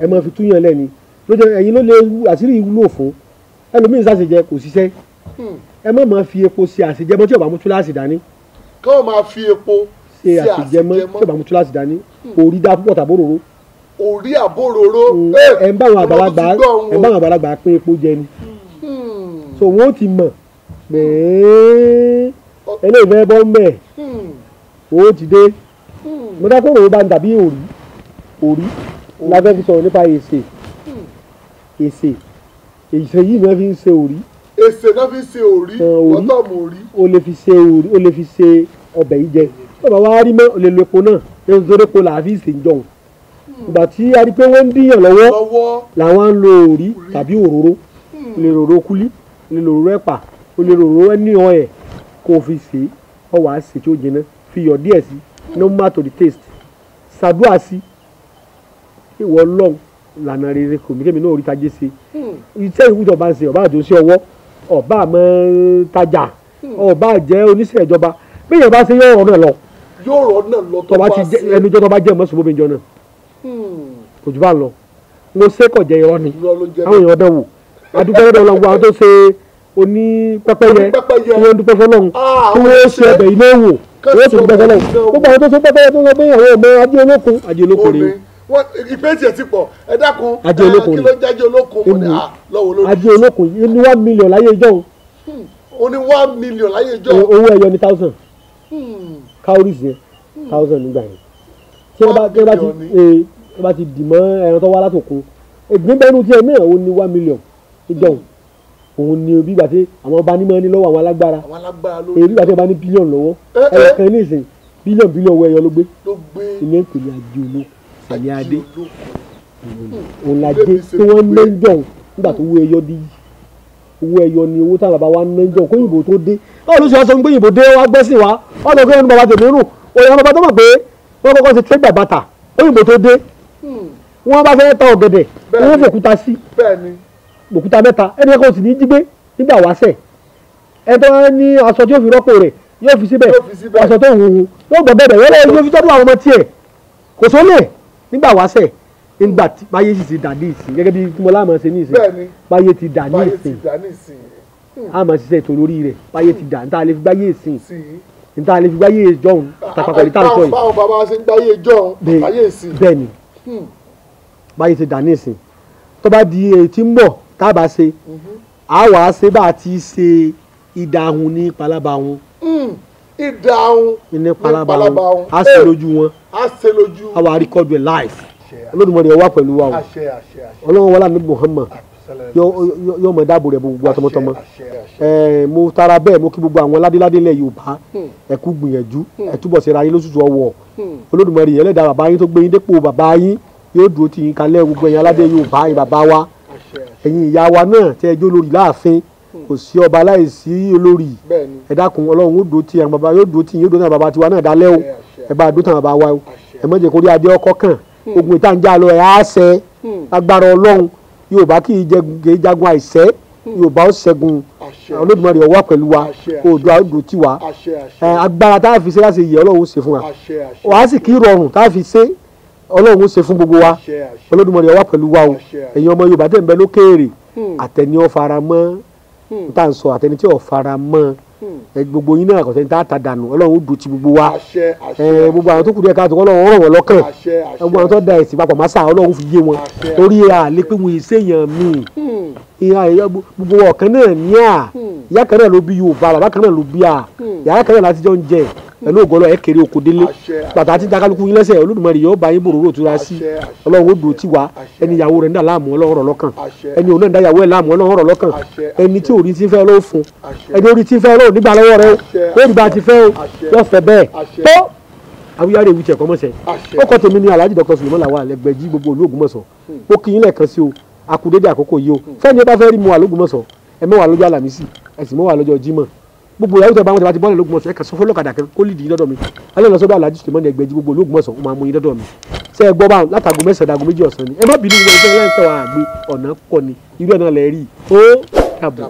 ẹ máa fi túyàn lẹ́ni lójú ẹ̀yin ló lè àṣírí wúlò fún ẹlòmíín sàṣejẹ kò ṣiṣẹ́ hmm. ẹ má máa fi epo ṣe àṣejẹ mọ́ tí ò bá mú túláàsì dání. káwọn máa fi epo ṣe àṣejẹ mọ́ tí ò bá mú túláàsì dání òrí hmm. dá púpọ̀ tàbóròró. òrí àbóròró. Hmm. Eh, ẹ ń bá àwọn àgbàlagbà ẹ ń bá àwọn àgbàlagbà pín epo jẹ ni. so wọn ó ti mọ̀ pé eléyìí fẹ́ bọ́ mbẹ́ owó ti dé mọ́tàkùn òwò bá ń dàbí òrí òrí lábẹ́ fi sọ̀rọ̀ nípa èsè èsè èsè yìí náà fi ń ṣe òrí. èsè náà fi ń ṣe òrí ọtọ̀mù òrí. o lè fi ṣe òrí o lè fi ṣe ọbẹ̀ yìí jẹ tó bá wá rí mọ́ o lè lo epo náà ẹ̀ ń sọ̀rọ̀ epo làá fi ṣe ń jọun hmm. ìgbà tí a rí pé wọ́n ń díyàn lọ́wọ́ làwọn ń lo òrí tàbí òróró hmm. o lè ròró kúlí o lè ròró ẹ̀pà o lè ròró ẹni ọ̀ẹ̀ kó o fi ṣe ọ wàá ṣe ó jiná fi yọ̀ díẹ̀ sí hmm. no matter the taste ṣàdúrà sí i ìwọ ọlọ́run lànà rere kò mí kémi náà orí tajé ṣe hmm. iṣẹ́ ìwúdọ̀ bá ń ṣe ọba àdó sí ọwọ́ ọba àmọ́ tajà hmm. ọba àjẹ́ oníṣẹ́ ìjọba bẹ́ẹ̀ bá ṣe yóò rọ̀ náà lọ. yóò rọ̀ náà lọ tó bá ṣe ẹnu jọ́ tó bá jẹ́ mọ́sùn bóbi jọ náà hmm. kò jù bá lọ mo ṣe kọ̀ jẹ́ irọ́ ni àwọn èèyàn dẹ̀ wò adúgbò lọ́dọ̀ ọlọ́run àwọn tó ṣe oní pẹ́pẹ́yẹ tí wọ́n dúpẹ́ fọlọ́run ah, tí wọ́n ṣe ẹbẹ̀ ilé wò wọ́n sì dúpẹ́ fọlọ́run gbogbo àwọn tó wọn ìpè tiẹ̀ ti pọ̀ ẹ dákun ajé olókun kí ló jẹ́ ajé olókun mo ní à ajé olókun yìí ní one million láyé ìjọ o. o ní one million láyé ìjọ. owó ẹyọ ní thousand hmm. cowries yẹn hmm. thousand nígbà yẹn tí wọ́n bá ti eh, tó bá ti dìmọ́ ẹran tó wá látòkun ìgbìnbẹ́nu tí ẹ̀mí ẹ̀hún ní one million ìjọun hmm. òun ni òbí gbà tí àwọn ọba ní máa ní lọ́wọ́ àwọn alágbára èyí eh, gbà tí ọba ní bílíọ̀nù lọ́wọ́ eh, ẹ̀ẹ̀kan ní ìsìn bílíọ̀nù bílíọ̀nù owó ẹ̀yọ ló gbé ìyẹn ń pè ní ajé olókun àmì adé hmm. òun la dé tí wọ́n ná jọ nígbà tó owó ẹyọ dé owó ẹyọ ni owó táwọn bàbá wa ná jọ kó òyìnbó tó dé báwo ló ṣe wá sọ pé òyìnbó dé wá gbẹ́sìn wá ọ̀nà kí wọ́n bàbá tèmi rùn òyìnbó bàbá tó mọ̀ pé wọ́n kọ́kọ́ ti tẹ́gbà bàtà òyìnbó tó dé hmm. wọ́n bá fẹ́ ta ọ̀gẹ̀dẹ̀ wọ́n fòkúta sí òkúta mẹ́ta ẹni ẹ̀kọ́ sì ní jígbé nígbà wáṣẹ̀ ẹ tó ní aṣọ tí yóò fi rọ́pò rẹ̀ yóò fi síbẹ̀ aṣọ tó hùhù yóò gbọ́ bẹ̀rẹ̀ yóò fi tọ́jú àwọn ọmọ tiẹ̀ kò sólè nígbà wáṣẹ̀ nígbà tí báyé sì ti dà ní ìsìn gẹ́gẹ́ bí kúmọ́lá máa ṣe ní ìsìn báyé ti dà ní ìsìn hmm. a máa ṣiṣẹ́ ètò lórí rẹ̀ báyé ti dà níta lè fi gbáyé ìsìn níta lè fi gbáyé ìjọhún tàpapọ̀ ah, níta ń sọ yìí. báwọn bàbá ṣe ń gbáyé ìjọhún gbáyé ìsìn. bẹ́ẹ̀ni hmm. báyé ti dà ní ìsìn tó bá di etí ń bọ̀ tá a bá ṣe mhm. a wàá ti ṣe ìdáhùn ní palaba wọn. Hmm ìdá ahun ní palaba ahun a ṣe lójú wọn a ṣe lójú a wà á rìkọ́dù ẹ̀ láìf olódùmọ̀rì ẹ̀ wá pẹ̀lú wa o ọlọ́run wọlé àmì Muhammad yóò mọ̀ dáàbò rẹ̀ gbogbo àtọmọtọmọ mo tara bẹ́ẹ̀ mo kí gbogbo àwọn ládéládé ilẹ̀ Yorùbá hmm. ẹ kú gbìyànjú hmm. ẹ túbọ̀ ṣe ra yín lóṣooṣù ọwọ́ hmm. olódùmọ̀rì ẹlẹ́dàá bàbá yín tó gbé yín dépò bàbá yín yóò dúró tì yín kalẹ̀ gbogbo ẹ̀yin aládé Yorùbá yín bàbá wa ẹ̀yin ìyá wa náà tẹ́ ẹjọ́ lórí láàfin kò sí ọba láìsí olórí ẹ dákun ọlọ́run ó dúró tí àwọn baba yóò dúró tí yóò dúró tí àwọn baba tiwa náà dálẹ́ o ẹ bá dúró tí àwọn baba wa o ẹ má jẹ́ kó rí adé ọkọ́ kàn hmm. ogun ìta ń já lọ ẹ̀ á ṣẹ hmm. agbára ọlọ́run yorùbá kì í jagun àìṣẹ́ hmm. yorùbá ó ṣẹ́gun olódùmarè ọwọ́ pẹ̀lú wa odò àdó tí wa agbára tá a fi ṣe láti yẹ ọlọ́run ṣe fún wa wàá sì kí rọrùn tá a fi ṣe ọlọ́run ṣe fún gbogbo wa olódùmarè ọwọ́ pẹ̀lú wa o ẹ̀yin ọmọ yorùbá tẹ̀ ń bẹ lókèèrè àtẹni ọ̀faramọ́ Hmm. tá à ń sọ àtẹni tí ò fara mọ́ hmm. gbogbo yín náà kọ̀sẹ́ ní tá a ta dànù ọlọ́run ó dùn ti gbogbo wa gbogbo àwọn tó kù díẹ̀ káàtó ọlọ́run ọ̀rọ̀ wọ́n lọ́kàn gbogbo àwọn tó da ẹ̀sìn papọ̀ mọ́sá ọlọ́run fi yé wọn torí àlẹ́ pé wọ́n ṣèyàn míì hmm. gbogbo ọ̀kan náà ní à ìyá kan náà ló bí Yorùbá bàbá kan náà ló bí à ìyá kan náà láti jọ ń jẹ pẹ̀lú ògọ́lọ́ ẹ̀ kéré oko délé bàtà àti dakaluku yín lẹ́sẹ̀ olódùmarè yóò bá yín bòròrò tura sí ọlọ́run ó dùn tí wa ẹni ìyàwó rẹ̀ ń dà láàmú ọlọ́run rọ̀ lọ́kàn ẹni òun náà ń dà ìyàwó ẹ̀ láàmú ọlọ́run rọ̀ lọ́kàn ẹni tí orí ti fẹ́ ọlọ́run fún ẹni orí ti fẹ́ ọlọ́run nígbà lọ́wọ́ rẹ o ó dìgbà ti fẹ́ o yóò fẹ́ bẹ́ẹ̀ tó awuyare ewu tiẹ̀ kọ́mọ́sẹ̀ ó kọ́ tèmi ní alhaji dr suleman lawa alẹ́gbẹ̀jì gbogbo olú hmm. ó kí yín lẹ́ẹ̀kan sí o akudede àkókò yìí o hmm. fẹ́ni ẹ bá fẹ́ rí mu wà lÓgbómọ̀ṣọ́ ẹ mẹ́wàá lọ́jọ́ Àlàmísì ẹ sì mẹ́wàá lọ́jọ́ Jímọ̀ gbogbo ìyàwó tẹ bá wọn tẹ bá ti bọ́ọ̀lù lógúnmọ̀sán ẹ kà sọ fọlọ́kadà kẹ kó lìdí lọ́dọ̀ mi alẹ́ lọ sọ́dọ̀ alájú tìmọ́ni ẹgbẹ́ jí gbogbo lógúnmọ̀sán wọn máa mú yín lọ́dọ̀ mi ṣe é gbọ́ báwọn látàgò mẹ́sàn-án dàgò méjì ọ̀sán ni ẹ má bínú ìwé ẹgbẹ́ ẹlẹ́sẹ̀ wa àgbẹ̀ ọ̀nà pọ̀ ni irú ẹ̀ náà lẹ rí i ó dàbọ̀.